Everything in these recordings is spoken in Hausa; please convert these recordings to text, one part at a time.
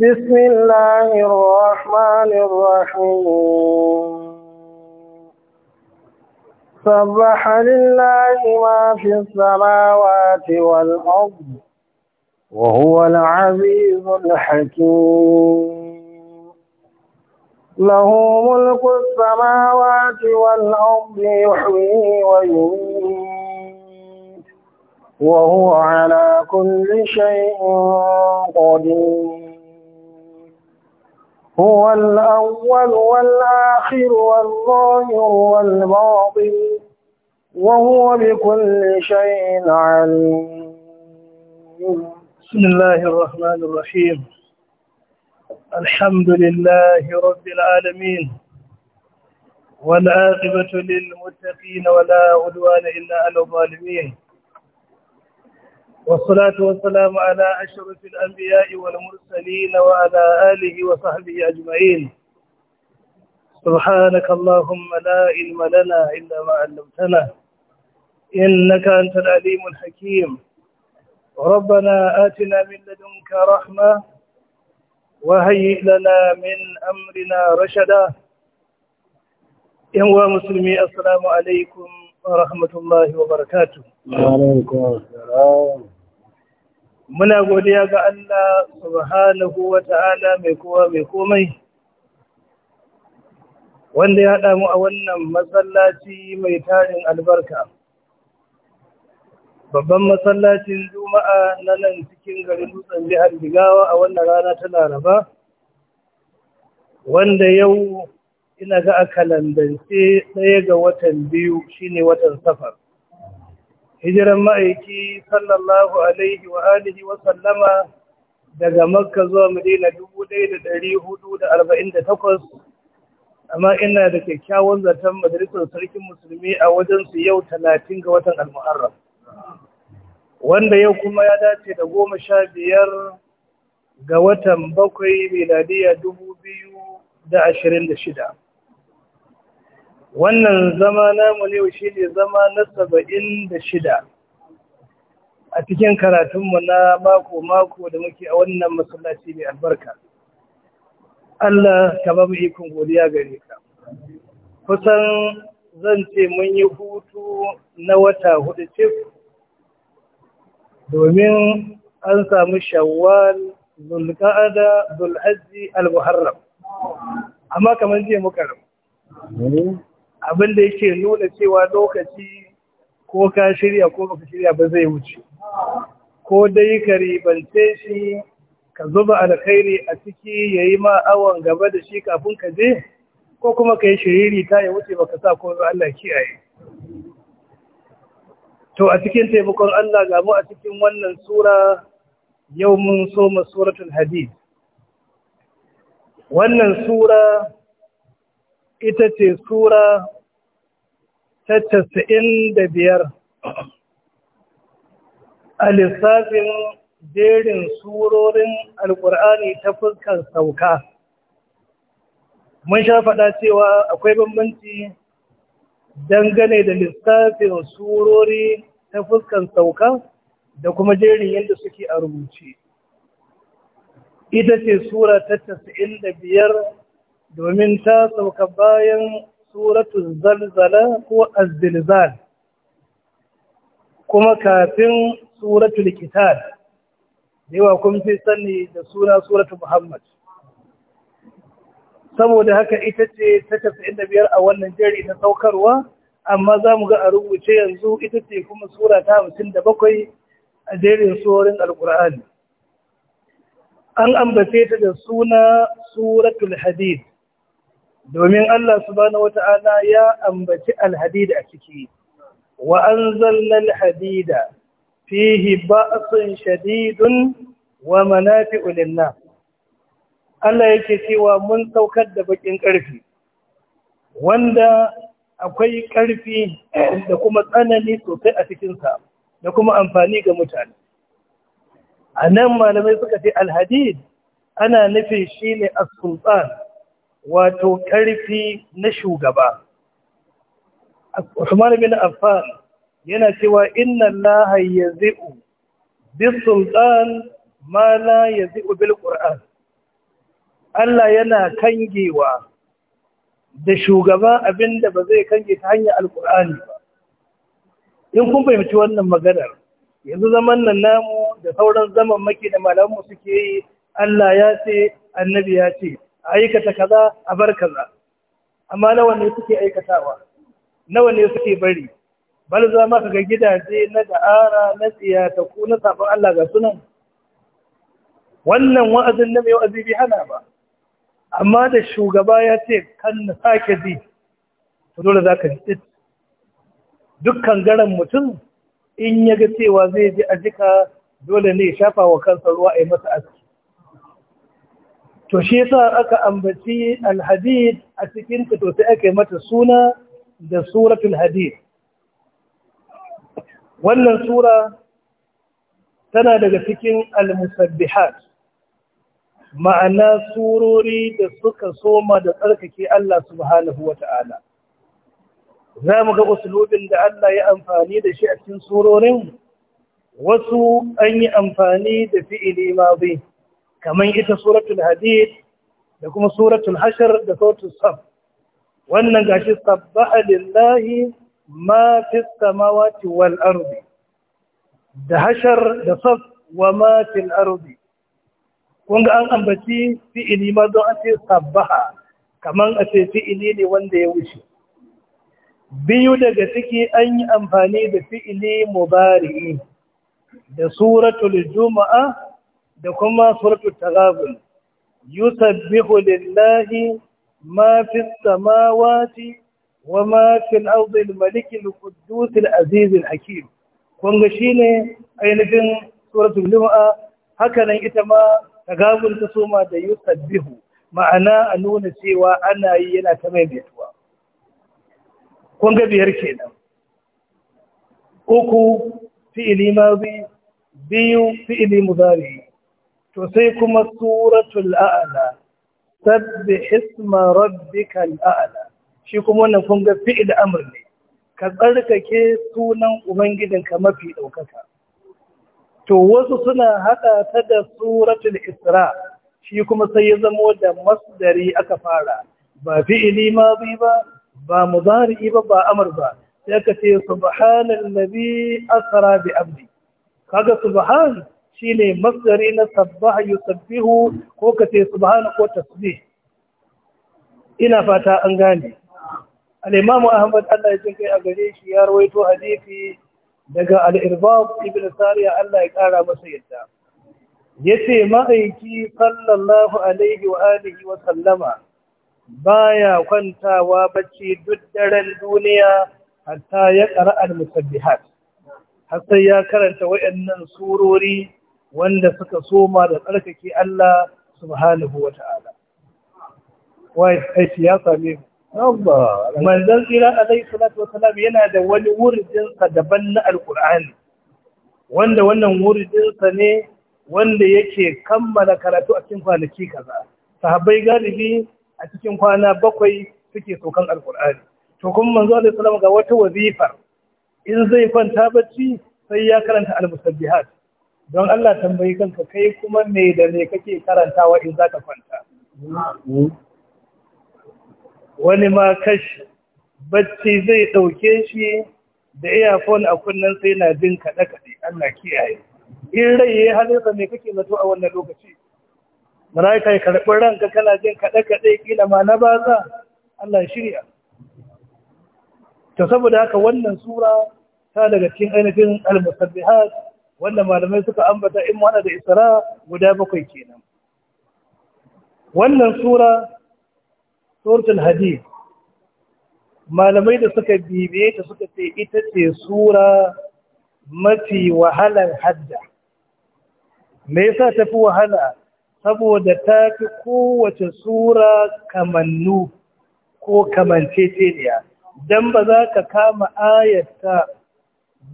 بسم الله الرحمن الرحيم سبح لله ما في السماوات والأرض وهو العزيز الحكيم له ملك السماوات والأرض يحيي ويميت وهو على كل شيء قدير هو الأول والآخر والظاهر والباطن وهو بكل شيء عليم بسم الله الرحمن الرحيم الحمد لله رب العالمين والعاقبة للمتقين ولا عدوان إلا على الظالمين والصلاة والسلام على أشرف الأنبياء والمرسلين وعلى آله وصحبه أجمعين سبحانك اللهم لا علم لنا إلا ما علمتنا إنك أنت العليم الحكيم ربنا آتنا من لدنك رحمة وهيئ لنا من أمرنا رشدا إنوا مسلمي السلام عليكم ورحمة الله وبركاته وعليكم السلام muna godiya ga Allah subhanahu wa ta'ala mai kowa mai komai wanda ya haɗa mu a wannan masallaci mai tarin albarka babban masallacin juma'a na nan cikin garin dutsen jihar jigawa a wannan rana ta laraba wanda yau ina ga a kalandance ɗaya ga watan biyu shine watan safar hijiran ma'aiki sallallahu alaihi wa alihi wa sallama daga makka zuwa madina dubu ɗaya da ɗari hudu da arba'in da takwas amma ina da kyakkyawan zaton majalisar sarkin musulmi a wajen su yau talatin ga watan almuharram wanda yau kuma ya dace da goma sha biyar ga watan bakwai miladiya dubu biyu da ashirin da shida wannan zama namu ne shi ne zama na saba'in da shida a cikin karatunmu na mako-mako da muke a wannan masallaci mai albarka Allah ka ba mu ikon godiya gare ka kusan zan ce mun yi hutu na wata hudu cif domin an samu shawwal zulka'ada zulhajji al-muharram amma kamar jiya muka rama. abin da yake nuna cewa lokaci ko ka shirya ko baka shirya ba zai wuce ko dai ka ribance shi ka zuba alkhairi a ciki yayi ma awon gaba da shi kafin ka je ko kuma ka yi shiriri ta ya wuce baka sa ko Allah kiyaye to a cikin taimakon Allah ga mu a cikin wannan sura yau mun soma suratun hadid wannan sura ita ce Sura ta casa'in da biyar a lissafin jerin surorin Alƙur'ani ta fuskar sauka. Mun sha faɗa cewa akwai bambanci dangane da lissafin surori ta fuskar sauka da kuma jerin yadda suke a rubuce. Ita ce Sura ta casa'in da biyar domin ta sauka bayan suratun zalzala ko azzilzal kuma kafin suratul da yawa kun fi sani da suna suratun muhammad saboda haka ita ce ta kasa da biyar a wannan jeri na saukarwa amma za mu ga a rubuce yanzu ita ce kuma sura ta hamsin da bakwai a jerin tsorin alkur'ani an ambace ta da suna suratul hadid domin Allah subhanahu wata'ala ya ambaci alhadid a ciki wa anzalna alhadida fihi ba'sun shadidun wa manafi'u lin-nas Allah yake cewa mun saukar da bakin ƙarfi wanda akwai ƙarfi da kuma tsanani sosai a cikinsa da kuma amfani ga mutane. A nan malamai suka ce alhadid ana nufin shi ne sultan wato ƙarfi na shugaba Usman bin Affan yana cewa inna Allah yazi'u Sultan ma la yazi'u bil Qur'an Allah yana kangewa da shugaba abinda ba zai kange ta hanyar alkur'ani ba in kun fahimci wannan maganar yanzu zaman nan namu da sauran zaman maki da malamu suke yi Allah ya ce annabi ya ce aikata kaza a bar kaza amma nawa ne suke aikatawa nawa ne suke bari bal za maka ga gidaje na da'ara na tsiyata ko na sabon Allah ga sunan wannan wa'azin na mai wa'azi bi hana ba amma da shugaba ya ce kan na sake ji to dole za ka ji dukkan garan mutum in ya ga cewa zai ji a jika dole ne shafa wa kansa ruwa a yi masa aski to shi yasa aka ambaci alhadid a cikin ta to aka mata suna da suratul hadid wannan sura tana daga cikin almusabbihat ma'ana surori da suka soma da tsarkake Allah subhanahu wata'ala za mu ga usulubin da Allah ya amfani da shi a cikin surorin wasu an yi amfani da fi'ili mazi kamar ita suratul hadid da kuma suratul hashar da suratul saf wannan gashi sabbaha lillahi ma fis samawati wal ardi da hashar da saf wa ma fil ardi kun ga an ambaci fi'ili ma don an ce sabbaha kamar a ce fi'ili ne wanda ya wuce biyu daga ciki an yi amfani da fi'ili mubari'i da suratul juma'a da kuma suratul tagabun yusabbihu lillahi ma fi samawati wa ma fi al-ardi al-maliki al-quddus al-aziz al-hakim kun ga shine ainihin suratul lum'a haka nan ita ma tagabun ta soma da yusabbihu ma'ana a nuna cewa ana yi yana ta maimaituwa kun ga biyar kenan uku fi'ili mazi biyu fi'ili mudari to sai kuma suratul a'ala sabbi isma rabbikal a'la shi kuma wannan kun ga fi'il amr ne ka tsarkake sunan ubangijinka mafi ɗaukaka. to wasu suna haɗa ta da suratul isra shi kuma sai ya zamo da masdari aka fara ba fi'ili ma ba ba mudari ba ba amr ba sai ka ce subhanallazi asra bi abdi kaga subhan shine masdari na sabbaha yusabbihu ko ka ce subhana ko tasbih ina fata an gane al-imamu ahmad Allah ya jin kai a gare shi ya rawaito hadisi daga al-irbab ibn sariya Allah ya kara masa yadda yace ma'aiki sallallahu alaihi wa alihi wa sallama baya kwantawa bacci duk daren duniya hatta ya ƙara al-musabbihat har sai ya karanta wayannan surori wanda suka soma da tsarkake Allah subhanahu wa ta'ala. Wai aiki ya sami Allah. Manzan tsira alaihi salatu wa salam yana da wani wuridinsa daban na Alƙur'ani, wanda wannan wuridinsa ne wanda yake kammala karatu a cikin kwanaki kaza. Sahabbai galibi a cikin kwana bakwai suke sokan Alƙur'ani. To kuma manzo alaihi salam ga wata wazifar in zai kwanta bacci sai ya karanta al don Allah tambayi kanka kai kuma me da me kake karantawa in za ka kwanta wani ma kashi bacci zai ɗauke shi da earphone a kunnen sai na jin kaɗe-kaɗe Allah kiyaye in rai ya halitta me kake zato a wannan lokaci Mara ya karɓar ranka kana jin kaɗe-kaɗe kila ma na baza Allah shirya to saboda haka wannan sura ta daga cikin ainihin al-musabbihat wanda malamai suka ambata in wani da isra guda bakwai kenan wannan sura suratul hadid malamai da suka bibiye ta suka ce ita ce sura mafi wahalar hadda me yasa tafi wahala saboda ta fi kowace sura kamannu ko kamanceceniya Dan ba za ka kama ayata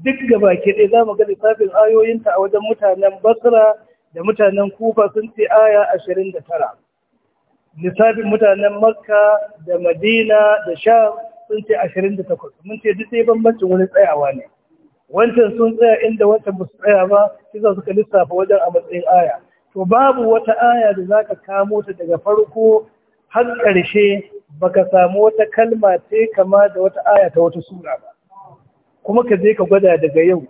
duk da baki ɗaya za mu ga lissafin ayoyinta a wajen mutanen basra da mutanen kufa sun ce aya ashirin da tara lissafin mutanen makka da madina da sha sun ce ashirin da takwas mun ce duk sai bambancin wani tsayawa ne wancan sun tsaya inda wancan ba su tsaya ba shi za suka lissafa wajen a matsayin aya to babu wata aya da za ka kamo ta daga farko har ƙarshe baka samu wata kalma ce kama da wata aya ta wata sura ba kuma ka je ka gwada daga yau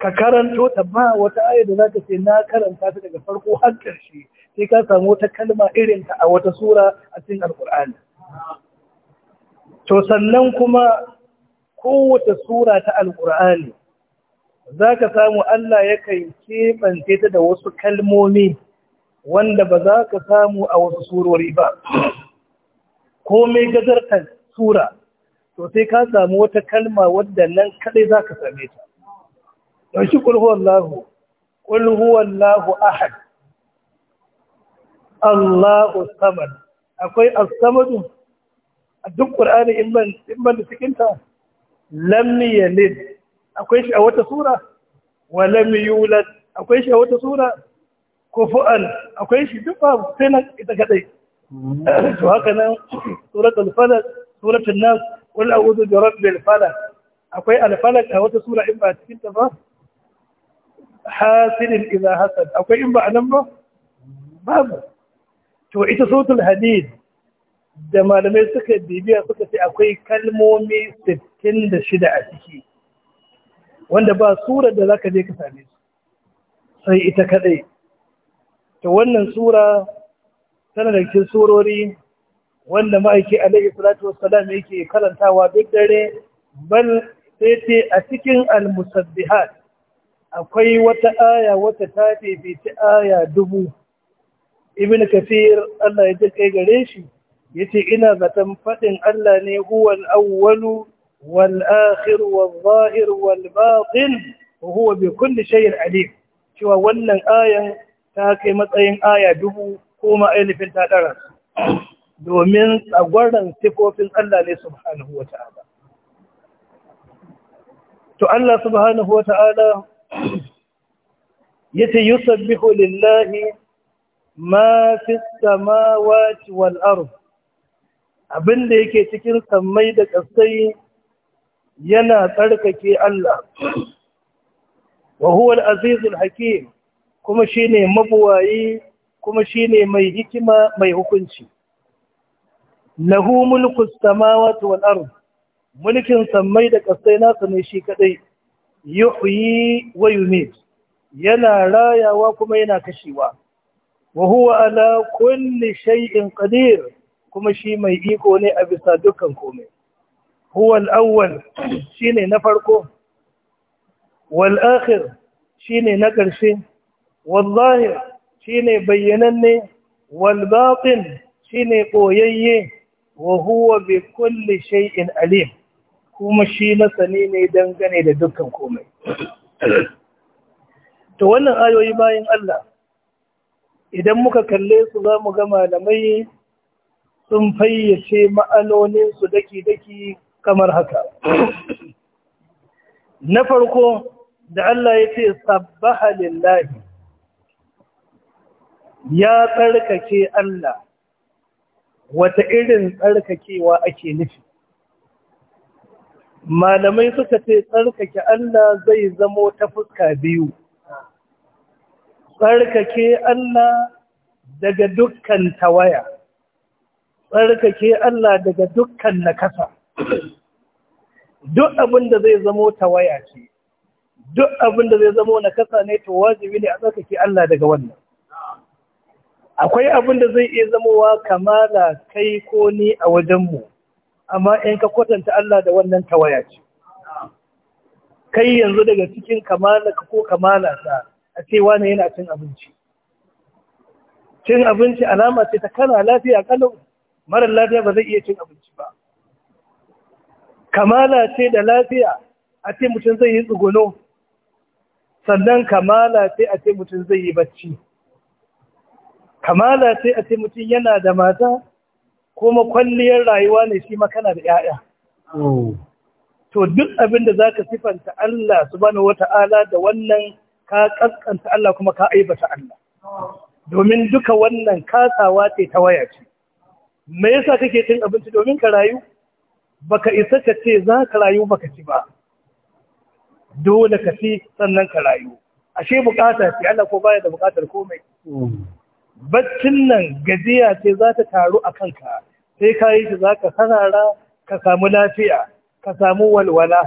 ka karanto ta ba wata aya da zaka ce na karanta ta daga farko har ƙarshe sai ka samu wata kalma irin ta a wata sura a cikin alkur'ani to sannan kuma kowace sura ta alkur'ani za ka samu Allah ya kai keɓance ta da wasu kalmomi wanda ba za ka samu a wasu surori ba. Komai gazartar sura to sai ka samu wata kalma wadda nan kadai za ka same ta don shi ƙulhuwallahu ƙulhuwallahu ahad Allahu Saman. akwai as-samadu a duk ƙur'ani in ban da cikinta lam yalid akwai shi a wata sura wa lam yulad akwai shi a wata sura kufu'an akwai shi duk babu sai nan ita kadai to haka nan suratul falaq suratul nas qul a'udhu bi rabbil falaq akwai al a wata sura in ba cikin ta ba hasidin idza hasad akwai in ba anan ba babu to ita sautul hadid da malamai suka bibiya suka ce akwai kalmomi 66 a ciki wanda ba surar da zaka je ka same su sai ita kadai Ta wannan sura tana da cikin surori wanda ma'aiki alaihi salatu wassalam yake karantawa duk dare bal sai ce a cikin al akwai wata aya wata ta fifici aya dubu ibn kafir Allah ya kai gare shi yace ina zaton fadin Allah ne huwal awwalu wal akhir wal zahir wal batin wa huwa bi kulli shay'in alim cewa wannan ayan ta kai matsayin aya dubu ko ma ainihin ta dara domin tsagwaron sifofin Allah ne subhanahu wata'ala to Allah subhanahu wata'ala yace yusabbihu lillahi ma fi samawati wal ard abinda yake cikin sammai da ƙasai yana tsarkake Allah wa huwa azizul hakim kuma shine mabuwayi kuma shine mai hikima mai hukunci lahu mulku samawati wal ard mulkin sammai da kasai nasa ne shi kadai yuhyi wa yumit yana rayawa kuma yana kashewa wa huwa ala kulli shay'in qadir kuma shi mai iko ne a bisa dukkan komai huwa al-awwal shine na farko wal akhir shine na ƙarshe wallahi shine bayyananne wal batin shine koyayye wa huwa bi kulli shay'in alim kuma shi masani ne dangane da dukkan komai to wannan ayoyi bayan Allah idan muka kalle su za mu ga malamai sun fayyace su daki-daki kamar haka na farko da Allah ya ce sabbaha lillahi ya tsarkake Allah wata irin tsarkakewa ake nufi malamai suka ce tsarkake Allah zai zamo ta fuska biyu tsarkake Allah daga dukkan tawaya tsarkake Allah daga dukkan nakasa duk abin da zai zamo tawaya ce duk abin da zai zamo nakasa ne to wajibi ne a tsarkake Allah daga wannan akwai abin da zai iya zamowa kamala kai ko ni a wajenmu amma in ka kwatanta Allah da wannan tawaya ce kai yanzu daga cikin kamala ka ko kamala ta a ce wani yana cin abinci cin abinci alama ce ta kana lafiya kalau marar lafiya ba zai iya cin abinci ba kamala ce da lafiya a ce mutum zai yi tsuguno sannan kamala ce a ce mutum zai yi bacci kamala sai a ce mutum yana da mata kuma kwalliyar rayuwa ne shi makana da 'ya'ya oh. to duk abin da za ka sifanta Allah su wata wata'ala da wannan ka kaskanta Allah kuma ka aibata Allah domin duka wannan kasawa ce ta waya ce me yasa kake cin abinci domin ka rayu Ba ka isa ka ce za ka rayu ba ka ci ba dole ka ci sannan ka rayu ashe bukata ce Allah ko baya da bukatar komai oh. baccin nan gajiya ce za ta taru a kanka sai ka yi shi za ka sanara ka samu lafiya ka samu walwala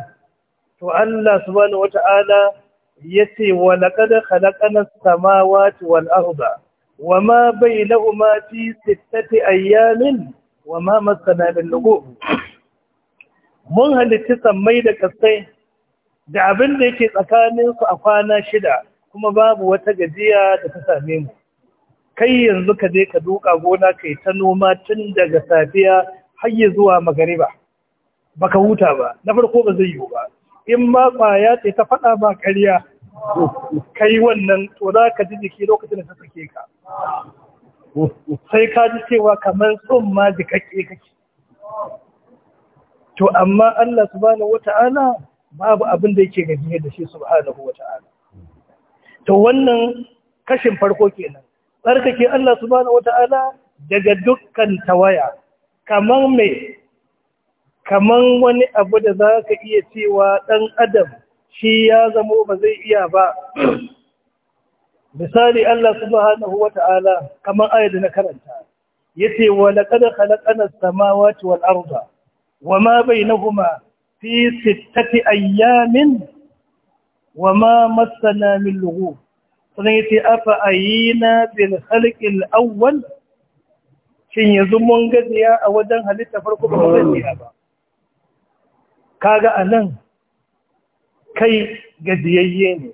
to Allah subhanahu wata'ala ce wa laqad khalaqana samawati wal arda bai bainahuma fi sittati ayamin wama masana min lughub mun halitta samai da kasai da abin da yake tsakaninsu a kwana shida kuma babu wata gajiya da ta same mu kai yanzu ka je ka duka gona kai ta noma tun daga safiya har ya zuwa magariba baka huta ba na farko ba zai yiwu ba in ma kwaya ce ta faɗa ba ƙarya kai wannan to za ka ji jiki lokacin da ta sake ka sai ka ji cewa kamar tsun ma jikakke kake to amma Allah subhanahu wata'ala babu abin da yake gajiye da shi subhanahu wata'ala to wannan kashin farko kenan tsarkake Allah subhanahu wata'ala daga dukkan tawaya kamar kamar wani abu da za ka iya cewa ɗan adam shi ya zamo ba zai iya ba misali Allah subhanahu wata'ala kamar ayat da na karanta yace wa laqad khalaqana as-samawati wal arda wama bainahuma fi sittati ayyamin wama massana min lughub sannan ya ce afa a yi na bin halƙin awwal shin yanzu mun gajiya a wajen halitta farko ba gajiya ba kaga a nan kai gajiyayye ne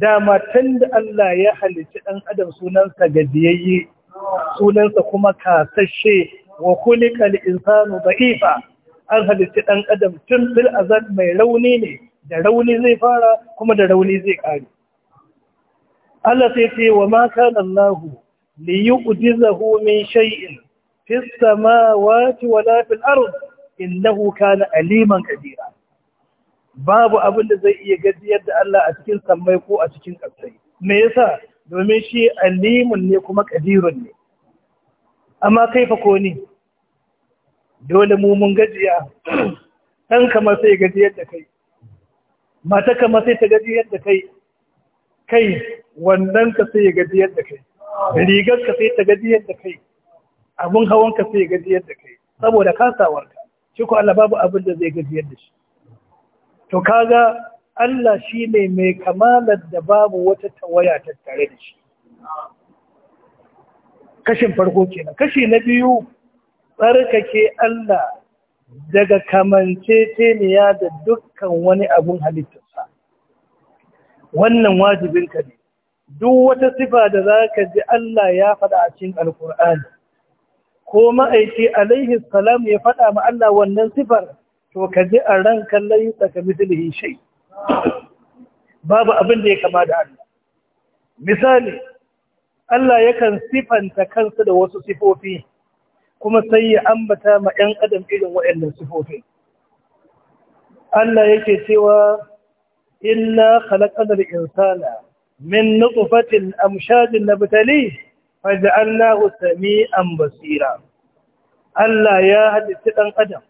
dama tun da Allah ya halicci ɗan adam sunansa gajiyayye sunansa kuma kasashe wa kulika insanu da'ifa an halicci ɗan adam tun bil mai rauni ne da rauni zai fara kuma da rauni zai ƙare Allah sai ce wa ma kana Allah li yu'jizahu min shay'in fi samawati wa la fil ard innahu kana aliman kabira babu abin da zai iya gajiyar da Allah a cikin sammai ko a cikin ƙasai me yasa domin shi alimun ne kuma kadirun ne amma kaifa ko ni dole mu mun gajiya Dan kamar sai gajiyar da kai mata kamar sai ta gajiyar da kai kai wannan ka sai ya gaji yadda kai rigar ka sai ta gaji yadda kai abun hawan ka sai ya gaji yadda kai saboda kasawar ka shi ko Allah babu abin da zai gaji yadda shi to kaga Allah shi ne mai kamalar da babu wata tawaya ta tare da shi kashin farko kenan kashi na biyu tsarkake Allah daga kamanceceniya da dukkan wani abun halitta wannan wajibin ka ne duk wata sifa da za ka ji Allah ya faɗa a cikin alkur'ani ko ma'aiki alaihi salam ya faɗa ma Allah wannan sifar to ka ji a ran kallon ka mithlihi shay babu abin da ya kama da Allah misali Allah yakan sifanta kansa da wasu sifofi kuma sai ya ambata ma 'yan adam irin waɗannan sifofin Allah yake cewa إنا خلقنا الإنسان من نطفة أمشاج نبتليه فجعلناه سميعا basira. Allah ya halitta ɗan adam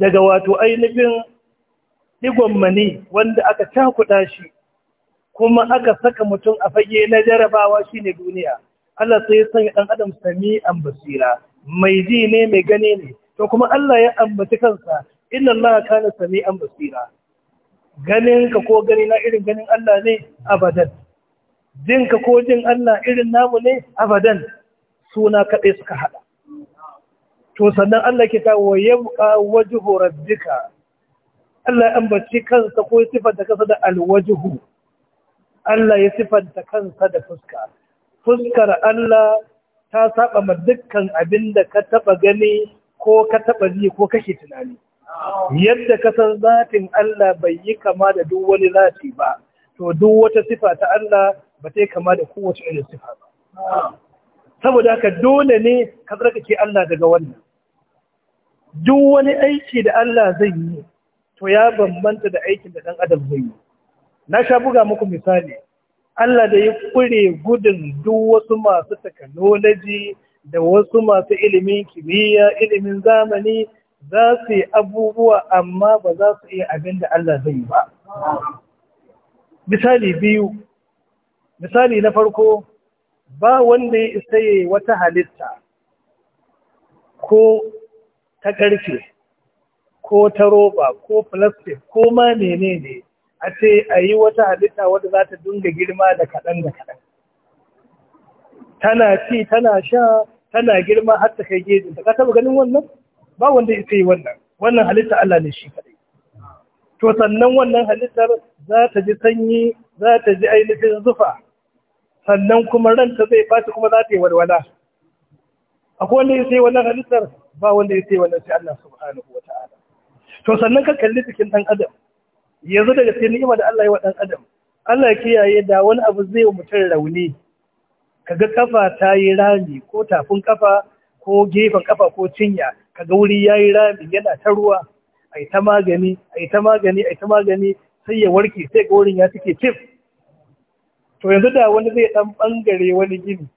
daga wato ainihin digon mani wanda aka cakuɗa shi kuma aka saka mutum a fage na jarabawa shine duniya Allah sai ya sanya ɗan adam sami an basira mai ji ne mai gane ne to kuma Allah ya ambaci kansa inna Allah kana sami an basira ganinka ko gani na irin ganin Allah ne abadan jinka ko jin Allah irin namu ne abadan suna kaɗai suka haɗa to sannan Allah ke kawo yabqa wajhu rabbika Allah ya ambaci kansa ko ya sifanta kansa da alwajhu Allah ya sifanta kansa da fuska fuskar Allah ta saba ma dukkan abinda ka taba gani ko ka taba ji ko kake tunani yadda san zatin Allah bai yi kama da duk wani zati ba to duk wata sifa ta Allah ba ta yi kama da kowace irin sifa ba saboda haka dole ne ka tsarkake Allah daga wannan duk wani aiki da Allah zai yi to ya bambanta da aikin da ɗan adam zai yi na sha buga muku misali Allah da ya kure gudun duk wasu masu technology da wasu masu ilimin kimiyya ilimin zamani za su yi abubuwa amma ba za su iya abin da Allah zai yi ba. Misali biyu, misali na farko ba wanda ya isa yi wata halitta ko ta ƙarfe ko ta roba ko plastic ko ma menene ne a ce a yi wata halitta wadda za ta dunga girma da kaɗan da kaɗan. Tana ci, tana sha, tana girma har ta kai gejinta. Ka taɓa ganin wannan? ba wanda ya yi wannan wannan halitta Allah ne shi kaɗai. to sannan wannan halittar za ta ji sanyi za ta ji ainihin zufa sannan kuma ranta zai fashi kuma za ta yi walwala akwai wanda ya yi wannan halittar ba wanda ya yi wannan sai Allah subhanahu wa ta'ala to sannan ka kalli cikin dan adam yanzu daga sai ni'ima da Allah ya wa dan adam Allah ya kiyaye da wani abu zai wa mutum rauni kaga kafa ta yi rami ko tafin kafa ko gefen kafa ko cinya kaga wuri ya yi rami yana ta ruwa A ta magani a ta magani a ta magani sai ya warke sai ga wurin ya suke cif to yanzu da wani zai dan bangare wani gini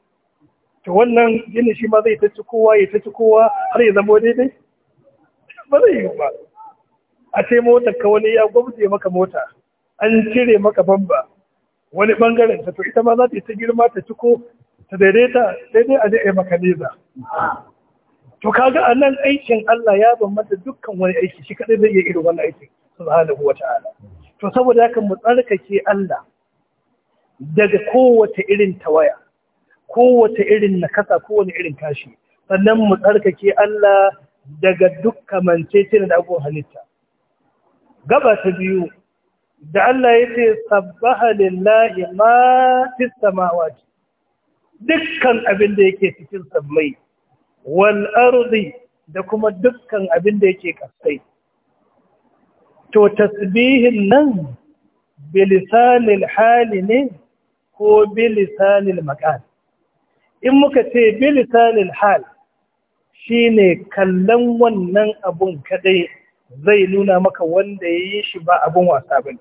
to wannan gini shi ma zai ta ci kowa ya ta ci kowa har ya zama daidai ba zai yi ba a ce motar ka wani ya gwamce maka mota an cire maka bamba wani bangaren ta to ita ma za ta yi ta girma ta ciko ta daidaita daidai a je a yi maka neza to kaga a nan aikin Allah ya bambanta dukkan wani aiki shi kadai zai iya irin wani aiki subhanahu wata ala. to saboda haka mu tsarkake Allah daga kowace irin tawaya kowace irin nakasa kowane irin kashi sannan mu tsarkake Allah daga dukkan mancece da abubuwan halitta gaba ta biyu da Allah ya ce sabbaha lillahi ma fis samawati dukkan abin da yake cikin mai. wal ardi da kuma dukkan abin da yake kasai to tasbihin nan bilisanil hali ne ko bilisanil makal in muka ce bilisanil hal shine kallon wannan abun kadai zai nuna maka wanda ya yi shi ba abin wasa ba ne.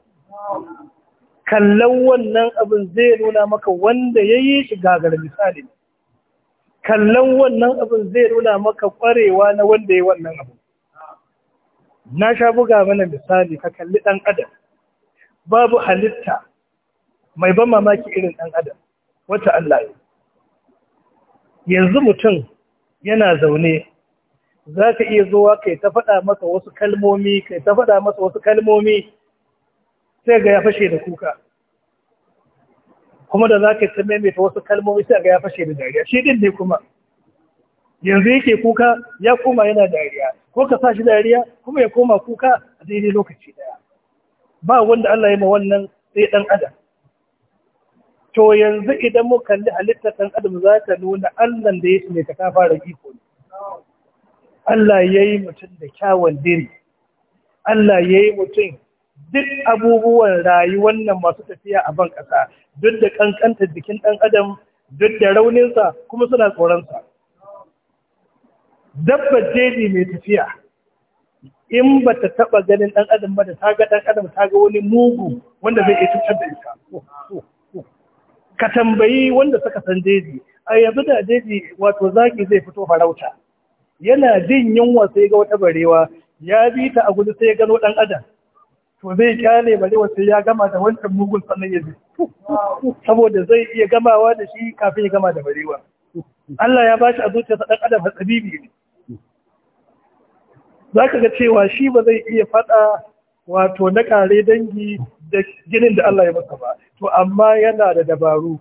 Kallon wannan abun zai nuna maka wanda ya yi shi gagar misali ne. kallon wannan abin zai nuna maka kwarewa na wanda ya wannan abu na sha buga mana misali ka kalli ɗan adam babu halitta mai ban mamaki irin ɗan adam wata Allah yanzu mutum yana zaune za ka iya zuwa kai ta faɗa masa wasu kalmomi kai ta faɗa masa wasu kalmomi sai ga ya fashe da kuka kuma da za ka ta maimaita wasu kalmomi sai ga ya fashe da dariya shi din ne kuma yanzu yake kuka ya koma yana dariya ko ka sa shi dariya kuma ya koma kuka a daidai lokaci daya ba wanda Allah ya ma wannan sai dan adam to yanzu idan mu kalli halittar dan adam za ka nuna Allah da ya ne ta fara iko ne Allah ya yi mutum da kyawun diri Allah ya yi mutum duk abubuwan rayuwar nan masu tafiya a ban ƙasa duk da kankantar jikin ɗan adam duk da rauninsa kuma suna tsoronsa dabbar jeji mai tafiya in ba ta taɓa ganin ɗan adam ba da ta ga ɗan adam ta ga wani mugu wanda zai iya cutar da ita ka tambayi wanda suka san jeji a yanzu da jeji wato zaki zai fito farauta yana jin yunwa sai ga wata barewa ya bi ta a gudu sai ya gano ɗan adam to zai kyale bare wasu ya gama da wancan mugun sannan ya saboda zai iya gamawa da shi kafin ya gama da barewa Allah ya bashi a zuciyarsa dan adam hatsabibi ne zaka ga cewa shi ba zai iya fada wato na kare dangi da ginin da Allah ya masa ba to amma yana da dabaru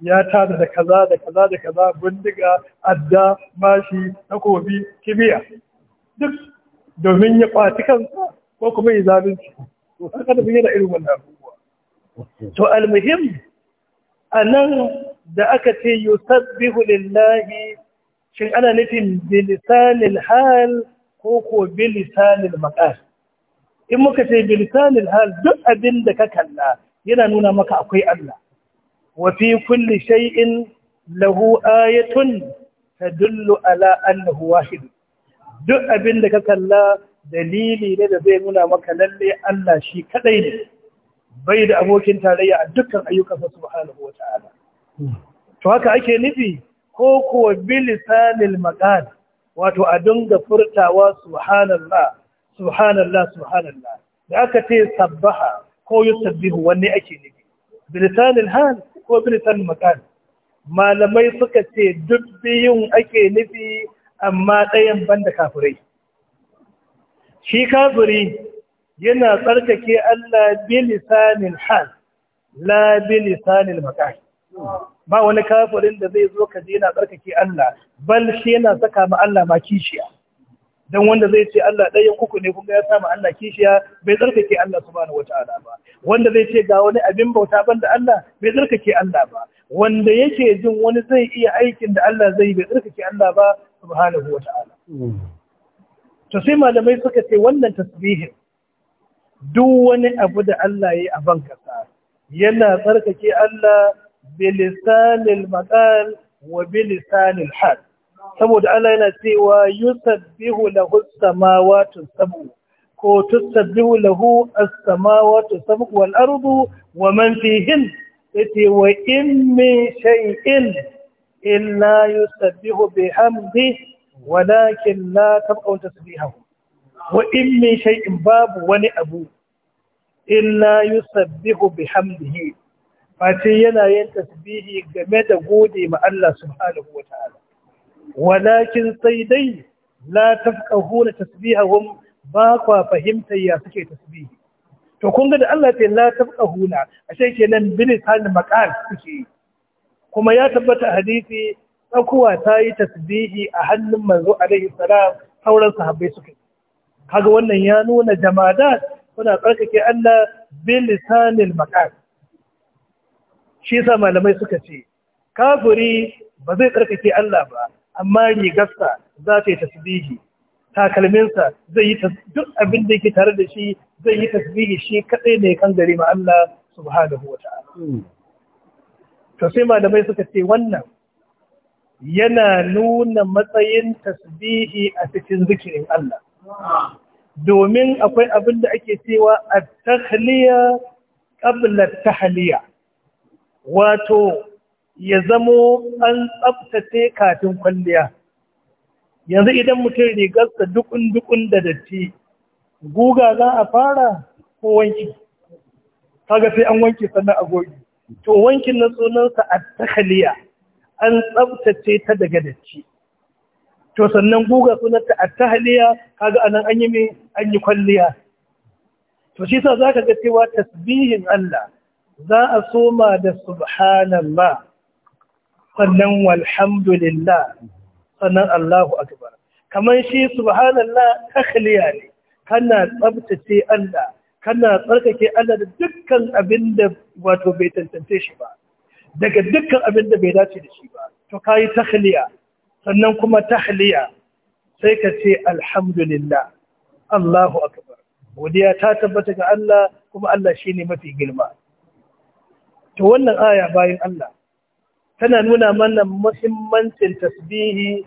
ya tada da kaza da kaza da kaza bindiga adda mashi takobi kibiya duk domin ya kwaci kansa ko kuma yi zalunci to saka da bayyana irin wannan abubuwa to almuhim anan da aka ce yusabbihu lillahi shin ana nufin bilisanil hal ko ko bilisanil maqal in muka ce bilisanil hal duk abin da ka kalla yana nuna maka akwai Allah wa fi kulli shay'in lahu ayatun tadullu ala annahu wahid duk abin da ka kalla dalili ne da zai nuna maka lalle Allah shi kadai ne bai da abokin tarayya a dukkan ayyukansa subhanahu wa ta'ala to haka ake nufi ko kuwa bilisanil maqal wato a dinga furtawa subhanallah subhanallah subhanallah da aka ce sabbaha ko yusabbihu wanne ake nufi bilisanil hal ko bilisanil maqal malamai suka ce duk biyun ake nufi amma ɗayan banda kafirai shi kafiri yana tsarkake Allah bilisanin hal la bi lisanin ba wani kafirin da zai zo ka je yana tsarkake Allah bal shi yana saka ma Allah ma kishiya dan wanda zai ce Allah ɗayan kuku ne kuma ya samu Allah kishiya bai tsarkake Allah subhanahu wataala ba wanda zai ce ga wani abin bauta banda Allah bai tsarkake Allah ba wanda yake jin wani zai iya aikin da Allah zai bai tsarkake Allah ba subhanahu wataala hmm. to sai malamai suka ce wannan tasbihin duk wani abu da Allah ya yi a ban kasa yana tsarkake Allah bilisanil maqal wa bilisanil hal saboda Allah yana cewa yusabbihu lahu as-samawati sab'u ko tusabbihu lahu as-samawati sab'u wal ardu wa man fihin yace wa in min shay'in illa yusabbihu bihamdihi walakin la tabqaw tasbihahu wa in babu wani abu illa yusabbihu bihamdihi Fati yana yin tasbihi game da gode ma Allah subhanahu wa ta'ala walakin sai dai la tafqahuna tasbihahum ba kwa fahimta ya suke tasbihi to kun ga da Allah ce la tafqahuna ashe kenan bin sanin maqal suke kuma ya tabbata hadisi tsakuwa ta yi tasbihi a hannun manzo alaihi salam sauran sahabbai suka yi kaga wannan ya nuna da suna tsarkake Allah bi lisanil maqal shi sa malamai suka ce kafuri ba zai tsarkake Allah ba amma rigarsa za ta yi tasbihi takalminsa zai yi duk abin da yake tare da shi zai yi tasbihi shi kadai ne kan gari ma Allah subhanahu wa ta'ala hmm. to sai malamai suka ce wannan yana nuna matsayin tasbihi a cikin zikirin Allah domin akwai abin da ake cewa a tahliya qabla at-tahliya wato ya zamo an tsaftace katin kwalliya yanzu idan mutum rigarsa dukun-dukun da datti guga za a fara ko wanki kaga sai an wanki sannan a goge to wankin na sunansa a takaliya an tsabtace ta daga datti to sannan guga sunanta at-tahliya kaga anan an yi an yi kwalliya to shi sa zaka ga cewa tasbihin Allah za a soma da subhanallah sannan walhamdulillah sannan Allahu akbar kamar shi subhanallah tahliya ne kana tsabtace Allah kana tsarkake Allah da dukkan abinda wato bai tantance shi ba daga dukkan abin da bai dace da shi ba to kayi tahliya sannan kuma tahliya sai ka ce alhamdulillah Allahu akbar godiya ta tabbata ga Allah kuma Allah shine mafi girma to wannan aya bayan Allah tana nuna mana muhimmancin tasbihi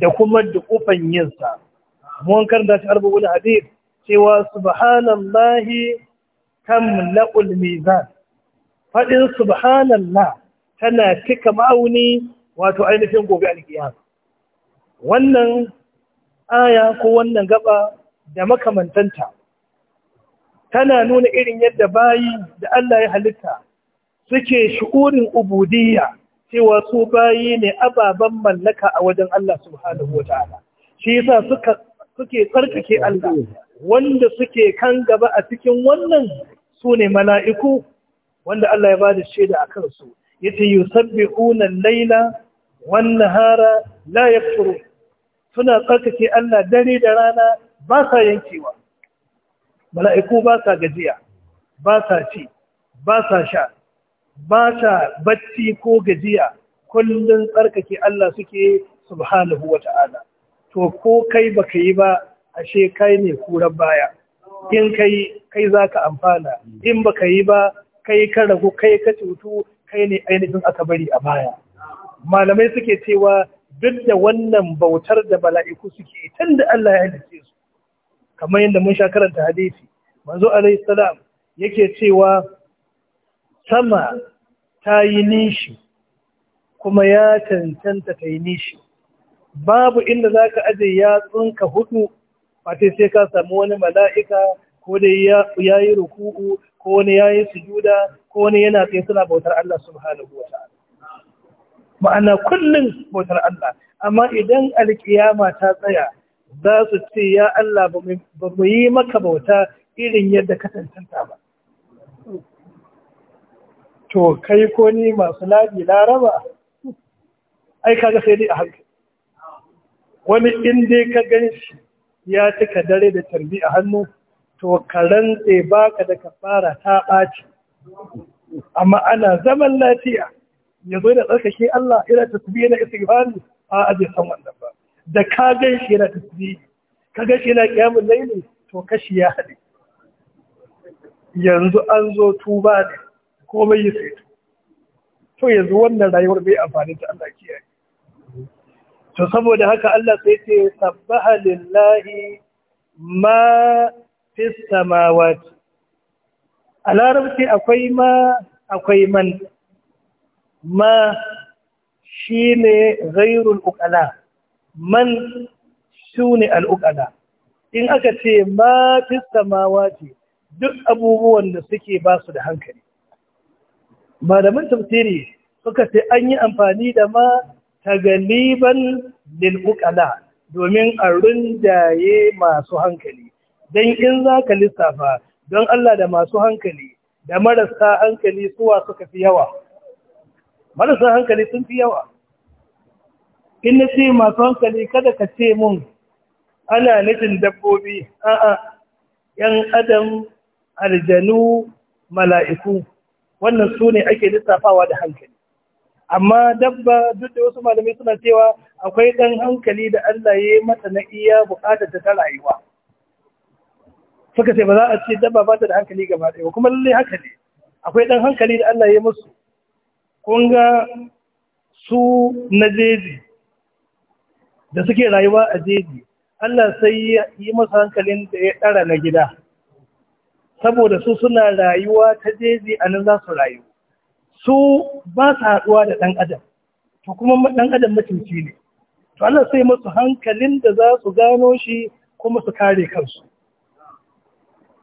da kuma dukufan yinsa mun karanta shi arba'ul hadith cewa subhanallahi tamla'ul mizan faɗin subhanallah tana cika ma'auni wato ainihin gobe alƙiyar wannan aya ko wannan gaba da makamantanta tana nuna irin yadda bayi da Allah ya halitta suke shi'urin ubudiyya cewa su bayi ne ababen mallaka a wajen Allah subhanahu wa ta'ala shi yasa suka suke tsarkake Allah wanda suke kan gaba a cikin wannan sune mala'iku wanda Allah ya ba da shaida a kansu yace yusabbihuna al-laila wan nahara la yafturun suna tsarkake Allah dare da rana ba sa yankewa mala'iku ba sa gajiya ba sa ci ba sa sha ba sa bacci ko gajiya kullun tsarkake Allah suke subhanahu wata'ala to ko kai baka yi ba ashe kai ne kuran baya in kai kai zaka amfana in baka yi ba kai ka ragu kai ka cutu kai ne ainihin aka bari a baya malamai suke cewa duk da wannan bautar da bala'iku suke tun da Allah ya halice su kamar yadda mun sha karanta hadisi manzo alaihi salam yake cewa sama ta yi nishi kuma ya cancanta ta yi nishi babu inda zaka aje yatsunka hudu Fati sai ka samu wani mala'ika ko dai ya yi ruku'u ko wani ya yi sujuda ko wani yana tsaye suna bautar Allah subhanahu wa ta'ala ma'ana kullum bautar Allah amma idan alkiyama ta tsaya za su ce ya Allah ba mu yi maka bauta irin yadda ka tantanta ba to kai ko ni masu labi laraba ai kaga sai dai a hankali wani in dai ka gan shi ya cika dare da tarbi a hannu to karan rantse baka da kafara ta ɓaci amma ana zaman lafiya ya zo da tsarkake Allah yana tasbihi na istighfari a aje san wannan ba da ka gan shi yana tasbihi ka gan shi yana qiyamul layli to kashi ya hade yanzu an zo tuba ne komai yi sai to yanzu wannan rayuwar bai amfani ta Allah kiyaye to saboda haka Allah sai ce sabbaha lillahi ma fis a larabci akwai ma akwai man ma shi ne zairun ukala man su ne al'ukala. in aka ce ma fis duk abubuwan da suke ba su da hankali mun tafsiri suka ce an yi amfani da ma tagaliban galiban lil’ukala domin a rundaye masu hankali don in za ka lissafa don Allah da masu hankali da marasa hankali suwa suka fi yawa marasa hankali sun fi yawa in na ce masu hankali kada ka ce mun ana nufin dabbobi a'a yan adam aljanu mala'iku wannan su ne ake lissafawa da hankali amma dabba duk da wasu malamai suna cewa akwai ɗan hankali da Allah ya yi mata na iya bukatar ta rayuwa suka ce ba za a ce dabba ba ta da hankali gaba ɗaya ba kuma lallai haka ne akwai ɗan hankali da Allah ya musu kun ga su na jeji da suke rayuwa a jeji Allah sai ya yi masa hankalin da ya ɗara na gida saboda su suna rayuwa ta jeji a nan za su rayu su ba su haɗuwa da ɗan adam to kuma ɗan adam mutunci ne to Allah sai masu hankalin da za su gano shi kuma su kare kansu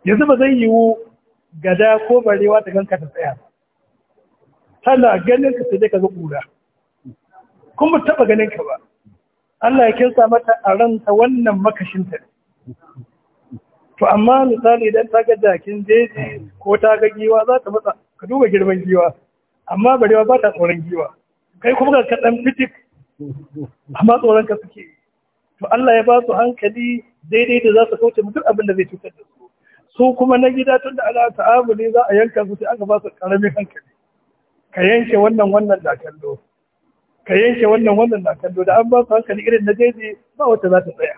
yanzu ba zai yiwu gada ko barewa ta ganka ta tsaya tana ganin ka sai ka ga kura kuma taba ganin ka ba Allah ya kinsa mata a ranta wannan makashin ta to amma misali idan ta ga jakin jeje ko ta ga giwa za ta matsa ka duba girman giwa amma barewa ba ta tsoron giwa kai kuma ka kaɗan fitik amma tsoron ka suke to Allah ya ba su hankali daidai da za su kauce mutum abin da zai cutar da su su kuma na gida tun da ana ta'amu ne za a yanka su sai aka ba su karamin hankali ka yanke wannan wannan da kallo ka yanke wannan wannan da kallo da an ba su hankali irin na daidai ba wata za ta tsaya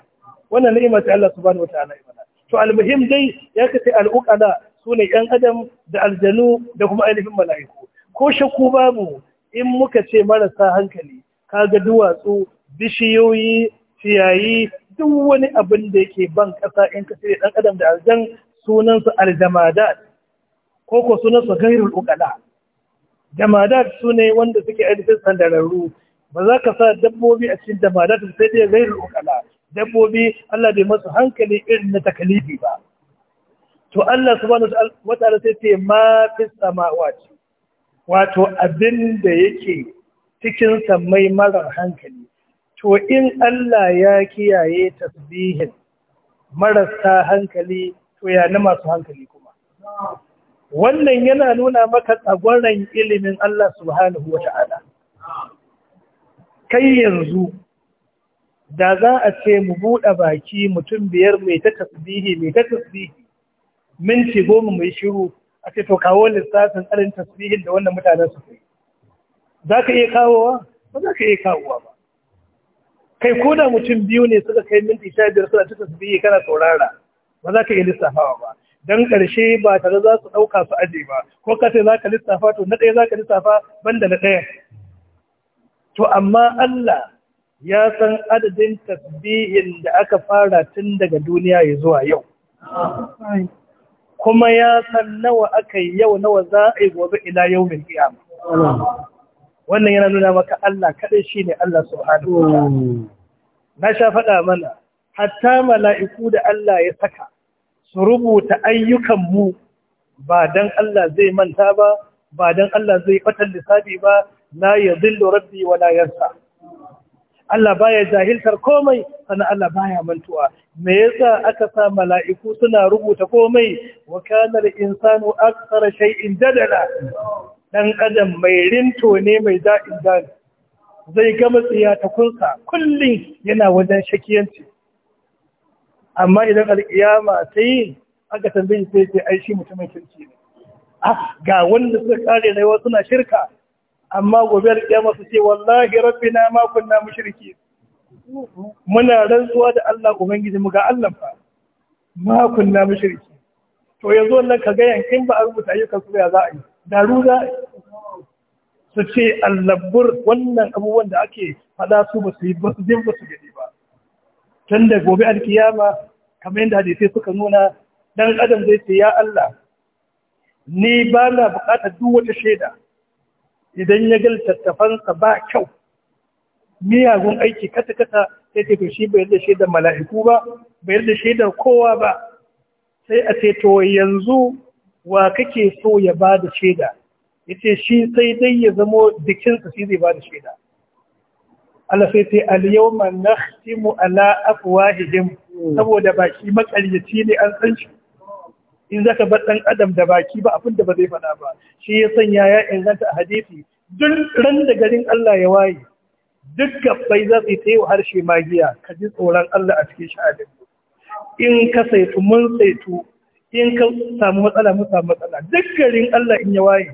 wannan ni'ima ta Allah subhanahu wataala ya to almuhim dai ya kace al'uqala sune yan adam da aljanu da kuma ainihin mala'iku ko shakku babu in muka ce marasa hankali kaga duwatsu bishiyoyi ciyayi duk wani abin da yake ban ƙasa in ka cire ɗan adam da aljan sunansu aljamadat ko ko sunansu gairul ukala jamadat sune ne wanda suke ainihin sandararru ba za ka sa dabbobi a cikin jamadat sai dai gairul ukada dabbobi Allah bai masu hankali irin na takalifi ba to Allah subhanahu wa ta'ala sai ce ma fi samawati wato abinda da yake cikin samai marar hankali to in Allah ya kiyaye tasbihin marasa hankali to ya na masu hankali kuma wannan yana nuna maka tsagwaron ilimin Allah subhanahu wata'ala kai yanzu da za a ce mu buɗe baki mutum biyar mai ta tasbihi mai ta tasbihi minti goma mai shiru a ce to kawo lissafin tsarin tasbihin da wannan mutanen su kai za ka iya kawowa ba za ka iya kawowa ba kai ko da mutum biyu ne suka kai minti sha biyar suna ta tasbihi kana saurara ba za ka iya lissafawa ba dan karshe ba tare za su ɗauka su aje ba ko ka ce za ka lissafa to na ɗaya za ka lissafa banda na ɗaya to amma Allah ya san adadin tasbihin da aka fara tun daga duniya ya zuwa yau kuma ya san nawa aka yi yau nawa za a yi gobe ila yau mai kiyama wannan yana nuna maka Allah kaɗai shi ne Allah subhanahu wa hmm. na sha faɗa mana hatta mala'iku da Allah ya saka su rubuta ayyukanmu ba don Allah zai manta ba, ba don Allah zai fatan lissafi ba, na ya zillo rabbi wa layarsa. Allah baya jahiltar komai, sana Allah baya mantuwa. Me yasa aka sa mala'iku suna rubuta komai, wa kanar insanu aksara shay'in dadala. Ɗan adam mai rinto ne mai da'in dani. Zai gama tsiya ta kunsa, kullum yana wajen shakiyanci. amma idan alkiyama ta yi aka tambayi sai ce aishi mutumin kirki ne ah ga wanda suka kare rayuwa suna shirka amma gobe alƙiyama su ce wallahi rabbi na makon na mu shirki. muna rantsuwa da Allah ubangiji mu ga Allah fa na mu shirki. to yanzu wannan gayan in ba a rubuta ayyukan su ya za a yi daru za su ce allabbur wannan abubuwan da ake faɗa su ba su yi ba su gani ba tun da gobe alkiyama kamar yadda hadisi suka nuna dan adam zai ce ya Allah ni ba na bukatar duk wata shaida idan ya ga littattafansa ba kyau miyagun aiki kata-kata sai ce to shi bai yarda shaidar mala'iku ba bai yarda shaidar kowa ba sai a ce to yanzu wa kake so ya ba da shaida ya ce shi sai dai ya zamo jikinsa shi zai ba da shaida Allah sai sai al-yawma nakhtimu ala afwahihim Hmm. saboda baki makaryaci ne an san shi in zaka bar dan adam da baki ba abin da ba zai faɗa ba shi ya sanya ya inganta a hadisi duk ran da garin Allah ya waye duk gabbai za su yi harshe magiya ka ji tsoron Allah a cikin sha'adin in ka saitu mun saitu in ka samu matsala mun samu matsala duk garin Allah in ya waye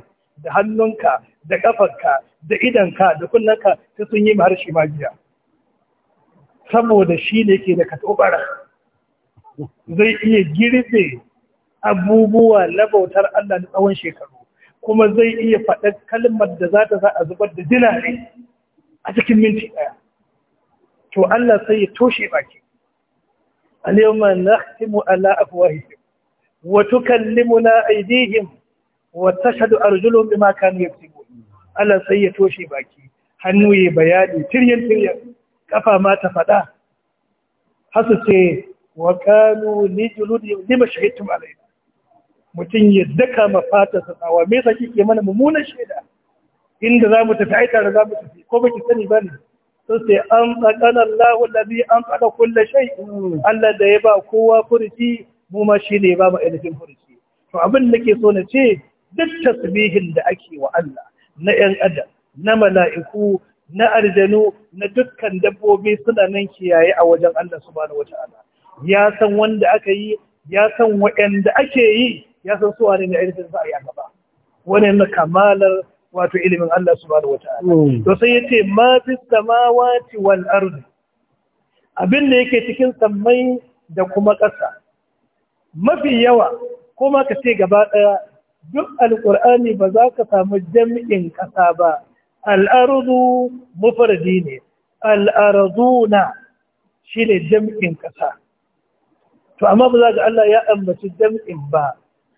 da hannunka da kafarka da idanka da kunnanka ta sun yi harshe magiya saboda shi ne ke da katobara zai iya girbe abubuwa labautar Allah na tsawon shekaru kuma zai iya faɗa kalmar da za ta za a zubar da dinare a cikin minti ɗaya to Allah sai ya toshe baki na al-yawma nahtimu ala afwahihim wa tukallimuna aydihim wa maka arjuluhum ya fi yaktubun Allah sai ya toshe baki hannu ya bayani tiryan tiryan kafa ma ta faɗa hasu ce wa kanu lima shahidtum alaina mutum ya daka ma fata sa tsawa me yasa kike mana mummunan shaida inda zamu tafi aita da zamu tafi ko baki sani bane sun sai an tsakana Allah an tsaka kulli shay Allah da ya ba kowa furuci mu ma shi ne ba mu ainihin furuci to abin da nake so na ce duk tasbihin da ake wa Allah na 'yan adam na mala'iku na aljanu na dukkan dabbobi suna nan kiyaye a wajen Allah subhanahu wata'ala ya san wanda aka yi ya san waɗanda ake yi ya san su wane ne irin za a a gaba wani na kamalar wato ilimin Allah subhanahu wata'ala hmm. to sai yace ma fi samawati wal ardi abin da yake cikin sammai da kuma ƙasa mafi yawa kuma ka ce gaba ɗaya duk alƙur'ani ba za ka samu jami'in ƙasa ba al'arzu mufardi ne al'arzuna shi ne jam'in ƙasa to amma ba za ga Allah ya ambaci jam'in ba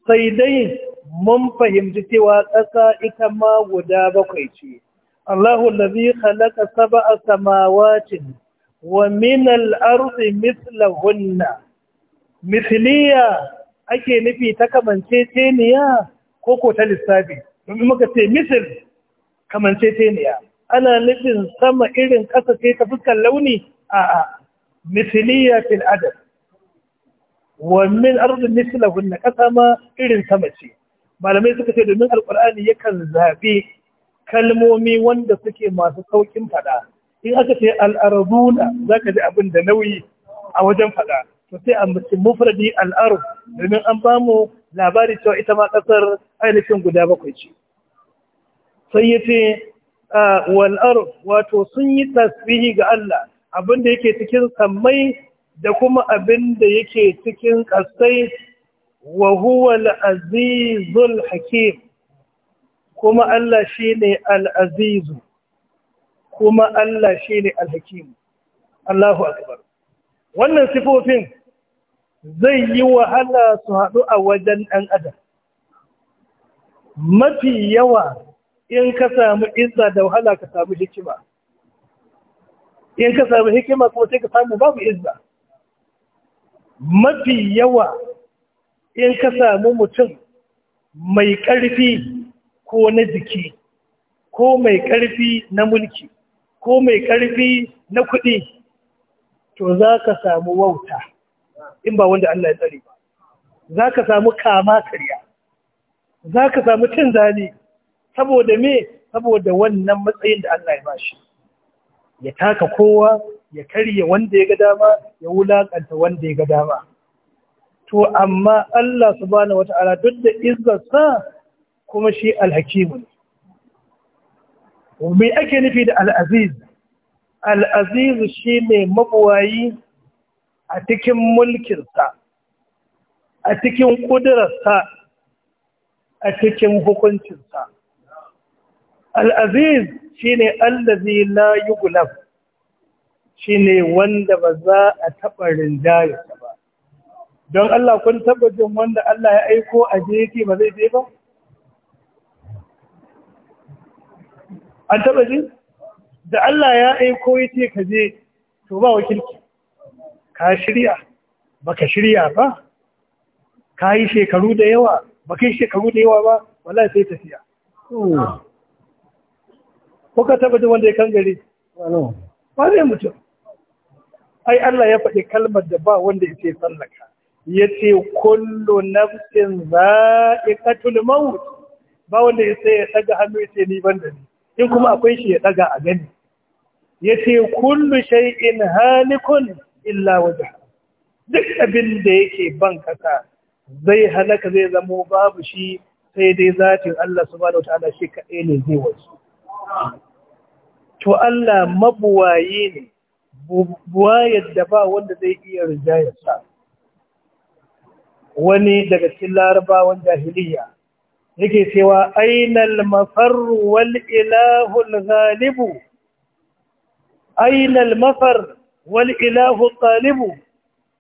sai dai mun fahimci cewa ƙasa ita ma guda bakwai ce Allahu lazi khalaqa sab'a samawatin wa min al misla mithlahunna mithliya ake nufi ta kamanceceniya ko ko ta lissafi domin muka ce misl kamanceceniya ana nufin sama irin ƙasa ce ta fuskan launi a misiliya fil adam wa min ardin mislahu na ƙasa ma irin sama ce malamai suka ce domin alƙur'ani yakan zaɓi kalmomi wanda suke masu sauƙin faɗa in aka ce al'arzuna za ka ji abin da nauyi a wajen faɗa to sai a mutum mufradi al'aruf domin an bamu labari cewa ita ma ƙasar ainihin guda bakwai ce sai ya ce ah, wal'ar wato sun yi tasbihi ga Allah abin abinda yake cikin sammai da kuma abin abinda yake cikin ƙasai wa huwa azizul hakim kuma Allah shi ne al'azizu kuma Allah shi ne alhakim Allahu akbar wannan sifofin zai yi wahala su haɗu a wajen ɗan adam mafi yawa in ka samu izza da wahala ka samu hikima in ka samu hikima kuma sai ka samu babu izza mafi yawa in ka samu mutum mai ƙarfi ko na jiki ko mai ƙarfi na mulki ko mai ƙarfi na kuɗi to za ka samu wauta in ba wanda Allah ya tsare ba za ka samu kama karya za ka samu cin zane saboda me saboda wannan matsayin da Allah ya ba shi ya taka kowa ya karye wanda ya ga dama ya wulakanta wanda ya ga dama to amma Allah subhanahu wata'ala duk da izzarsa kuma shi alhakimu ne me ake nufi da al'aziz al'aziz shi ne mabuwayi a cikin mulkinsa a cikin ƙudurarsa a cikin hukuncinsa al'aziz shi ne allazi na yi gulab shi ne wanda ba za a taɓa ta ba don Allah kun taɓa jin wanda Allah ya aiko a je yake ba zai je ba? an taɓa ji? da Allah ya aiko ce ka je to ba wakilki, ka shirya ba ka shirya ba ka yi shekaru da yawa ba ka yi shekaru da yawa ba wala sai tafiya hmm. ko ka taba jin wanda ya gari ba zai mutum ai Allah ya faɗi kalmar da ba wanda yake sallaka ce kullu nafsin za'iqatul maut ba wanda sai ya daga hannu ce ni ban da ni in kuma akwai shi ya daga a gani Ya ce kullu shay'in halikun illa wajha duk abin da yake ban kasa zai halaka zai zamo babu shi sai dai zatin Allah subhanahu ala shi kaɗai ne zai wasu to Allah mabuwaye ne buwayar da ba wanda zai iya rijayarsa wani daga cikin larabawan jahiliya yake cewa ainal mafar wal ilahul ghalibu ainal mafar wal ilahul talibu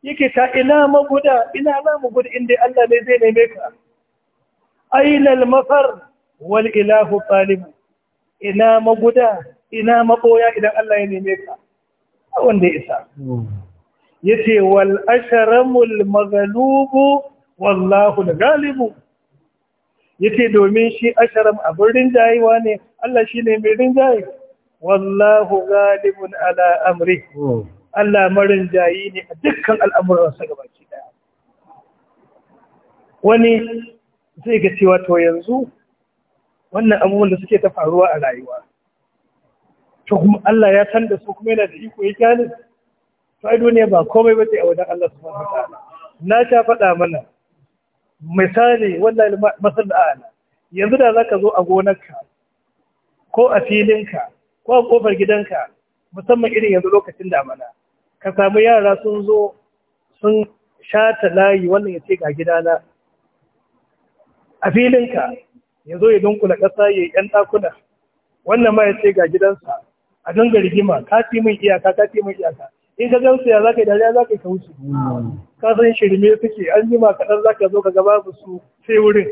yake ta ina maguda ina na maguda inda Allah ne zai neme ka ainal mafar wal ilahul talibu ina maguda ina maboya idan Allah ya neme ka a wanda isa yace wal asharamul maghlubu wallahu da galibu yace domin shi asharam abin rinjayewa ne Allah shi ne mai rinjaye wallahu galibun ala amri Allah marin jayi ne a dukkan al'amuransa gabaki daya wani zai ga cewa to yanzu wannan abubuwan da suke ta faruwa a rayuwa to kuma Allah ya san da su kuma yana da iko ya ne to ai duniya ba komai ba sai a wajen Allah subhanahu wataala na ta faɗa mana misali wallahi masal al yanzu da zaka zo a gonarka ko a filinka ko a kofar gidanka musamman irin yanzu lokacin damana ka samu yara sun zo sun shata layi wannan ya ce ga gidana a filinka ya zo ya dunkula ƙasa ya yi ‘yan ɗakuna wannan ma ya ce ga gidansa a ganga rigima ka ci min iyaka ka ci min iyaka in ka gamsu ya zaka dariya zaka ka wuce ka san shirme suke an jima za zaka zo ka gaba su sai wurin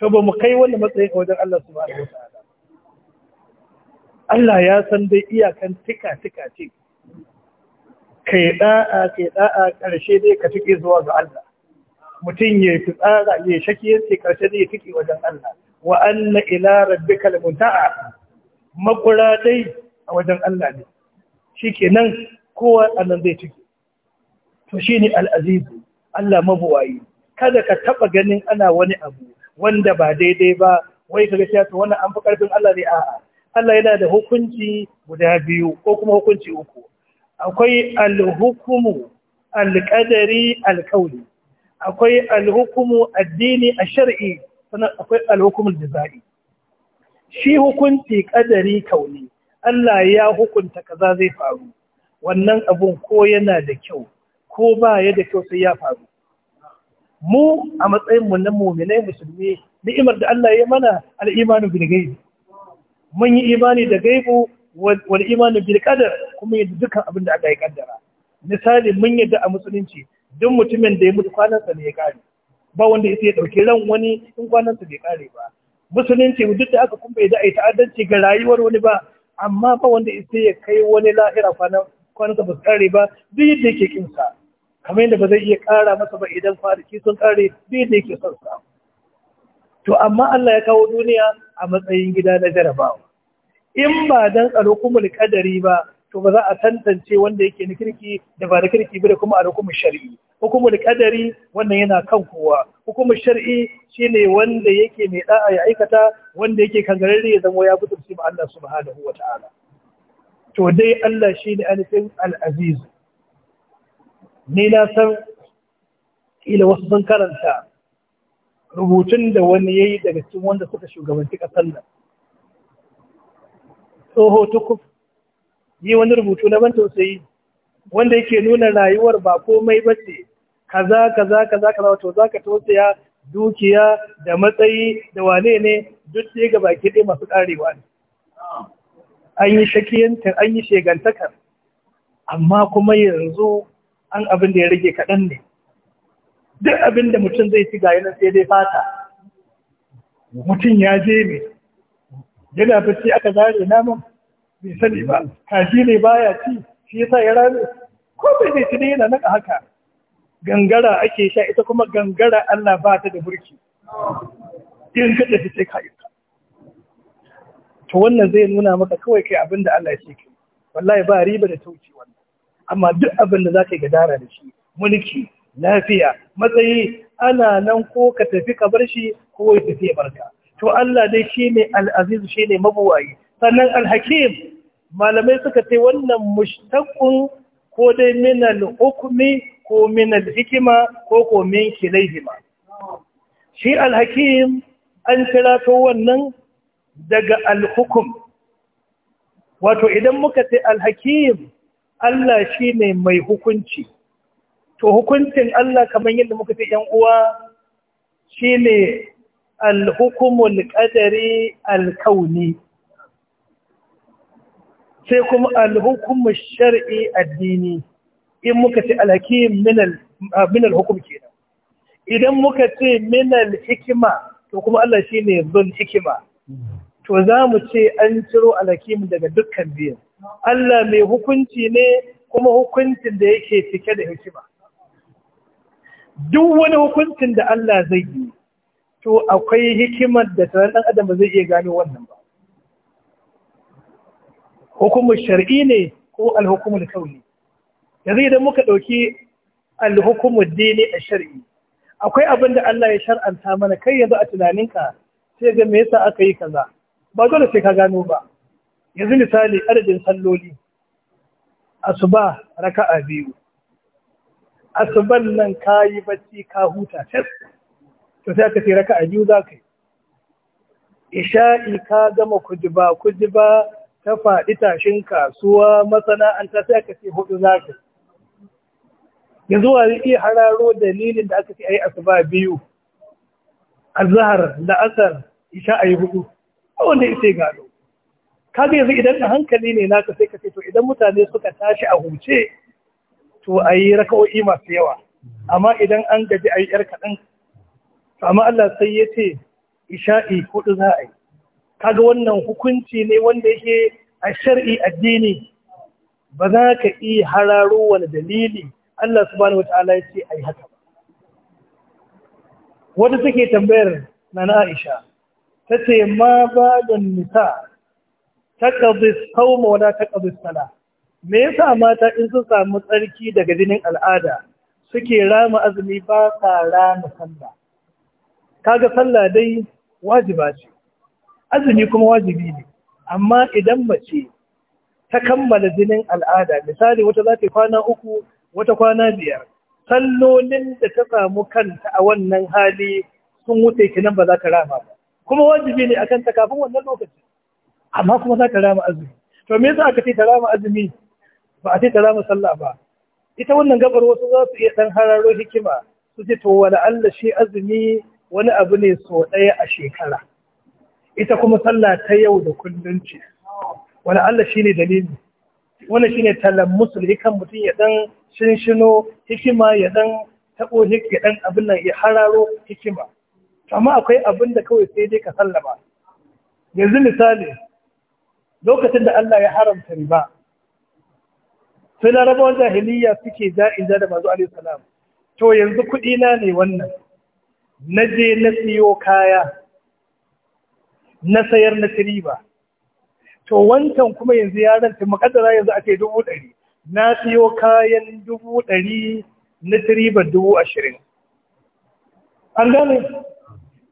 to ba mu kai wani matsayi ka wajen Allah subhanahu wataala Allah ya san dai iyakan tika tika ce kai da'a kai da'a karshe dai ka tike zuwa ga Allah mutum ya fi tsara ya shaki yace karshe dai ya tike wajen Allah wa anna ila rabbikal munta'a makura dai a wajen Allah ne shi ke nan, kowa a zai ciki to shi ne al'azizu Allah mabuwayi kada ka taɓa ganin ana wani abu wanda ba daidai ba wai ka gashi to wani an fi ƙarfin Allah ne a Allah yana da hukunci guda biyu ko kuma hukunci uku akwai alhukumu alƙadari alƙauli akwai alhukumu addini a shari'i sannan akwai alhukumul jazai shi hukunci kadari kauni Allah ya hukunta kaza zai faru wannan abun ko yana da kyau ko ba ya da kyau sai ya faru mu a matsayin mu na mu'minai musulmi ni'imar da Allah ya mana al-imanu bil ghaib mun yi imani da gaibu wal imanu bil qadar kuma yadda dukkan abin da Allah ya kaddara misali mun yadda a musulunci duk mutumin da ya mutu kwanansa ne ya kare ba wanda ya dauke ran wani in kwanansa bai kare ba musulunci duk da aka kuma da ita ta'addanci ga rayuwar wani ba amma ba wanda sai ya kai wani lahira kwanan kwanansa ba su kare ba duk yadda yake kinsa kamar yadda ba zai iya kara masa ba idan kwanaki sun kare duk yadda yake son sa to amma Allah ya kawo duniya a matsayin gida na jarabawa in ba dan tsaro kuma kadari ba to ba za a tantance wanda yake na kirki da ba da kirki ba da kuma a hukumar shari'i hukumar kadari wannan yana kan kowa hukumar shari'i shine wanda yake mai da'a ya aikata wanda yake kangararre ya zama ya fitarci ba Allah subhanahu wa ta'ala to dai Allah shine alifin al-aziz ni na san kila wasu sun karanta rubutun da wani yayi daga cikin wanda suka shugabanci kasar nan tsoho tukuf yi wani rubutu na ban tausayi wanda yake nuna rayuwar ba komai ba ce kaza kaza kaza kaza wato zaka tausaya dukiya da matsayi da wane ne duk sai ga baki ɗaya masu ƙarewa ne an yi shakiyantar an yi shegantakar amma kuma yanzu an abin da ya rage kaɗan ne duk abin da mutum zai ci ga sai dai fata mutum ya je ne yana fice aka zare naman bai sani ba kaji ne baya ci shi yasa ya rame ko bai ne yana naka haka gangara ake sha ita kuma gangara Allah ba ta da burki in ka tafi sai ka to wannan zai nuna maka kawai kai abin da Allah ya ce kai wallahi ba riba da tauci wannan amma duk abin da zaka yi gadara da shi mulki lafiya matsayi ana nan ko ka tafi ka bar shi ko ya tafi ya barka to Allah dai shi ne, al-aziz ne mabuwayi sannan alhakim malamai suka ce wannan mushtaqun ko dai min al-hukmi ko min al-hikma ko ko min kilayhima shi alhakim an kira to wannan daga al wato idan muka ce alhakim Allah shine mai hukunci to hukuncin Allah kamar yadda muka ce yan uwa shine al-hukmul qadari al-kauni al hukmul qadari al sai kuma alhukumu shar'i addini in muka ce alhakim ah, minal hukum kenan idan muka ce minal hikima to kuma Allah ne zun hikima to za mu ce an ciro alhakim daga dukkan biyan, Allah mai hukunci ne kuma hukuncin da yake cike da hikima duk wani hukuncin da Allah zai yi to akwai hikimar da tsaron ɗan adam zai iya gano wannan ba hukumar shar'i ne ko alhukumar kauni yanzu idan muka ɗauki alhukumar dini a shari'i. akwai abin da Allah ya shar'anta mana kai yanzu a tunaninka sai ga me yasa aka yi kaza ba dole sai ka gano ba yanzu misali adadin salloli asuba raka'a biyu asuban nan ka yi bacci ka huta to sai aka ce raka'a biyu za ka isha'i ka gama kujiba kujiba ta faɗi tashin kasuwa masana'anta sai aka ce hudu za ka yanzu wa iya hararo dalilin da aka ce a yi asuba biyu azahar da asar isha a yi hudu a wanda ya ce gado ga yanzu idan da hankali ne naka sai ka ce to idan mutane suka tashi a huce to a yi raka'o'i masu yawa amma idan an gaji a yi yar kaɗan amma Allah sai ya ce isha'i hudu za a yi kaga wannan hukunci ne wanda yake a shar'i addini ba za ka iya hararo wani dalili Allah subhanahu ta'ala ya ce a yi haka wata take tambayar na Aisha ta ce ma ba da nisa ta ƙabis sauma wada ta ƙabis sala me yasa mata in sun samu tsarki daga jinin al'ada suke rama azumi ba sa rama sallah kaga sallah dai wajiba ce azumi kuma wajibi ne amma idan mace ta kammala jinin al'ada misali wata za ta kwana uku wata kwana biyar sallolin da ta samu kanta a wannan hali sun wuce ki nan ba za ka rama ba kuma wajibi ne akan ta kafin wannan lokaci amma kuma za ka rama azumi to me yasa aka ce ta rama azumi ba a ce ta rama sallah ba ita wannan gabar wasu za su iya dan hararo hikima su ce to wala Allah shi azumi wani abu ne so ɗaya a shekara ita kuma sallah ta yau da kullum ce wani Allah shine dalili wani shine musulmi kan mutum ya dan shinshino hikima ya dan tabo dan abin nan ya hararo hikima amma akwai abin da kawai sai dai ka sallama yanzu misali lokacin da Allah ya haramta riba sai larabawan jahiliya suke ja'iza da mazu alaihi salam to yanzu kuɗi na ne wannan na je na siyo kaya na sayar na tiriba, ba. to wancan kuma yanzu ya ranta makadara yanzu a ce dubu ɗari na siyo kayan dubu ɗari na tiribar dubu ashirin an gane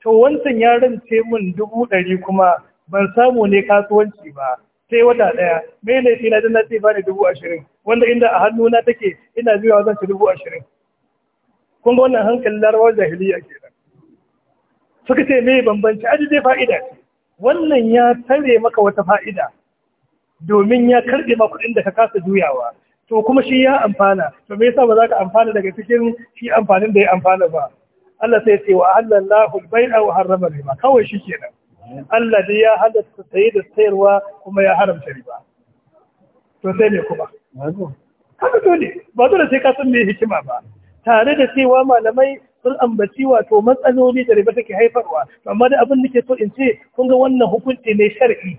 to wancan ya rance min dubu ɗari kuma ban samu ne kasuwanci ba sai wata ɗaya mai laifi na na ce ba ne dubu ashirin wanda inda a hannuna take ina zuwa zan ci dubu ashirin kun ga wannan hankalin larabar jahiliya kenan suka ce me bambanci aji zai fa'ida wannan ya tare maka wata fa'ida domin ya karɓe maku inda da ka kasa juyawa to kuma shi ya amfana to me yasa ba za ka amfana daga cikin shi amfanin da ya amfana ba Allah sai ce wa halallahu bai baia wa harrama riba kawai shi kenan Allah da ya halatta saye da sayarwa kuma ya haramta riba to sai me kuma haka dole ba dole sai ka san me hikima ba tare da cewa malamai sun ambaci wato matsaloli da riba take haifarwa amma da abin da ke so in ce kun ga wannan hukunci ne shar'i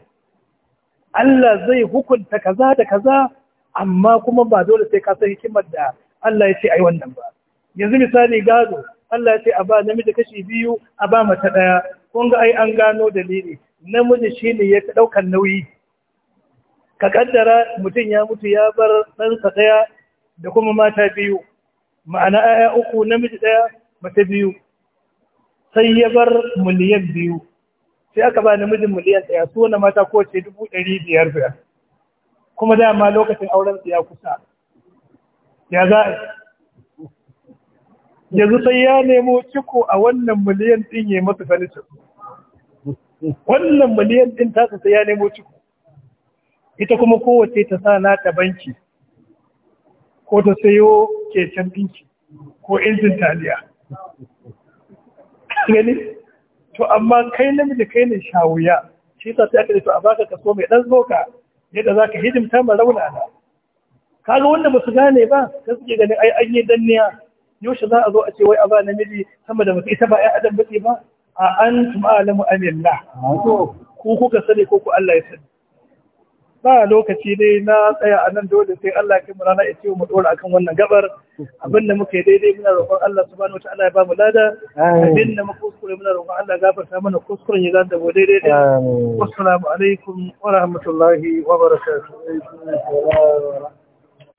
Allah zai hukunta kaza da kaza amma kuma ba dole sai ka san hikimar da Allah ya ce ai wannan ba yanzu misali gado Allah ya ce a ba namiji kashi biyu a ba mata daya kun ga ai an gano dalili namiji shine ya fi daukar nauyi ka kaddara mutum ya mutu ya bar ɗansa ɗaya da kuma mata biyu ma'ana 'ya'ya uku namiji ɗaya mace biyu sai ya bar miliyan biyu sai aka ba namijin miliyan ɗaya su wani mata kowace dubu ɗari biyar biyar kuma dama lokacin auren ya kusa ya za a yanzu sai ya nemo ciko a wannan miliyan ɗin ya masu fanitin wannan miliyan ɗin tasa sai ya nemo ciko ita kuma kowace ta sa na ta banki ko ta sayo keken ɗinki ko injin taliya gani to amma kai namiji kai ne shawuya shi sa sai aka ce to a baka kaso mai dan zoka yadda zaka hidimta ma rauna na kaga wanda ba su gane ba sai suke ganin ai an yi danniya yaushe za a zo a ce wai a ba namiji sama da mutum ita ba ai adam bace ba a antum alamu amillah ko kuka sani ko ku Allah ya sani ba lokaci dai na tsaya a nan dole sai Allah ya mu rana ya ce mu dora akan wannan gabar abinda muka yi daidai muna roƙon Allah subhanahu ta'ala ya ba mu lada abinda muka kuskure muna roƙon Allah ya gafarta mana kuskuren ya zanta mu daidai dai assalamu alaikum wa rahmatullahi wa barakatuh